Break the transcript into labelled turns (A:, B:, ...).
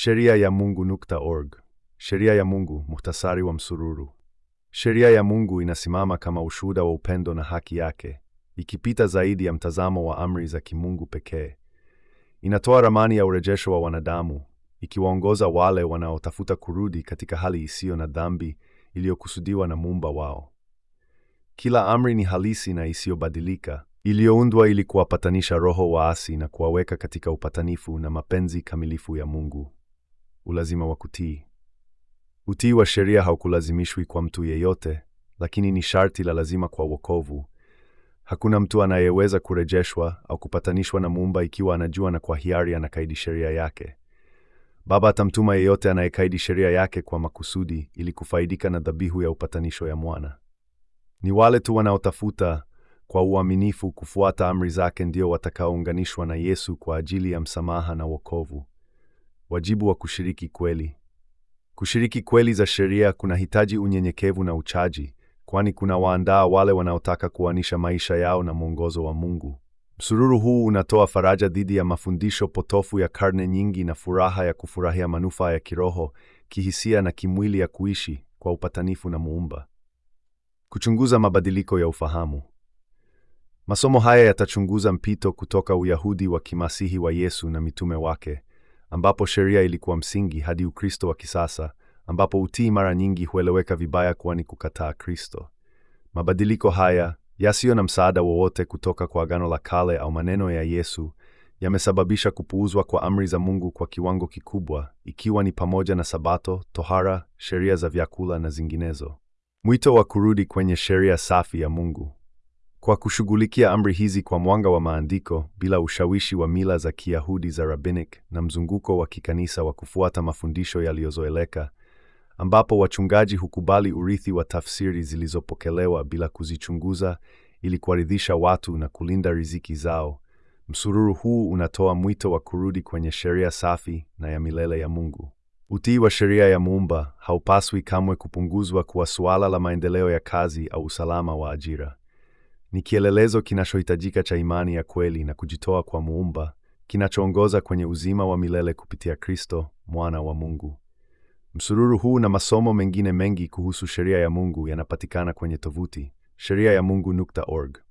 A: Sheria ya org. Sheria ya Mungu, muhtasari wa msururu. Sheria ya Mungu inasimama kama ushuhuda wa upendo na haki yake, ikipita zaidi ya mtazamo wa amri za kimungu pekee. Inatoa ramani ya urejesho wa wanadamu, ikiwaongoza wale wanaotafuta kurudi katika hali isiyo na dhambi iliyokusudiwa na Muumba wao. Kila amri ni halisi na isiyobadilika, iliyoundwa ili kuwapatanisha roho waasi na kuwaweka katika upatanifu na mapenzi kamilifu ya Mungu. Ulazima wa kutii. Utii wa sheria haukulazimishwi kwa mtu yeyote, lakini ni sharti la lazima kwa wokovu. Hakuna mtu anayeweza kurejeshwa au kupatanishwa na Muumba ikiwa anajua na kwa hiari anakaidi sheria yake. Baba atamtuma yeyote anayekaidi sheria yake kwa makusudi ili kufaidika na dhabihu ya upatanisho ya Mwana. Ni wale tu wanaotafuta kwa uaminifu kufuata amri zake ndio watakaounganishwa na Yesu kwa ajili ya msamaha na wokovu. Wajibu wa kushiriki kweli. Kushiriki kweli za sheria kunahitaji unyenyekevu na uchaji, kwani kunawaandaa wale wanaotaka kuanisha maisha yao na mwongozo wa Mungu. Msururu huu unatoa faraja dhidi ya mafundisho potofu ya karne nyingi na furaha ya kufurahia manufaa ya kiroho, kihisia na kimwili ya kuishi kwa upatanifu na Muumba. Kuchunguza mabadiliko ya ufahamu. Masomo haya yatachunguza mpito kutoka Uyahudi wa kimasihi wa Yesu na mitume wake ambapo sheria ilikuwa msingi hadi Ukristo wa kisasa, ambapo utii mara nyingi hueleweka vibaya kuwa ni kukataa Kristo. Mabadiliko haya yasiyo na msaada wowote kutoka kwa Agano la Kale au maneno ya Yesu yamesababisha kupuuzwa kwa amri za Mungu kwa kiwango kikubwa, ikiwa ni pamoja na Sabato, tohara, sheria za vyakula na zinginezo. Mwito wa kurudi kwenye sheria safi ya Mungu. Kwa kushughulikia amri hizi kwa mwanga wa maandiko bila ushawishi wa mila za Kiyahudi za rabbinic na mzunguko wa kikanisa wa kufuata mafundisho yaliyozoeleka, ambapo wachungaji hukubali urithi wa tafsiri zilizopokelewa bila kuzichunguza ili kuwaridhisha watu na kulinda riziki zao, msururu huu unatoa mwito wa kurudi kwenye sheria safi na ya milele ya Mungu. Utii wa sheria ya Muumba haupaswi kamwe kupunguzwa kuwa suala la maendeleo ya kazi au usalama wa ajira. Ni kielelezo kinachohitajika cha imani ya kweli na kujitoa kwa Muumba, kinachoongoza kwenye uzima wa milele kupitia Kristo, mwana wa Mungu. Msururu huu na masomo mengine mengi kuhusu sheria ya Mungu yanapatikana kwenye tovuti sheria ya mungu.org.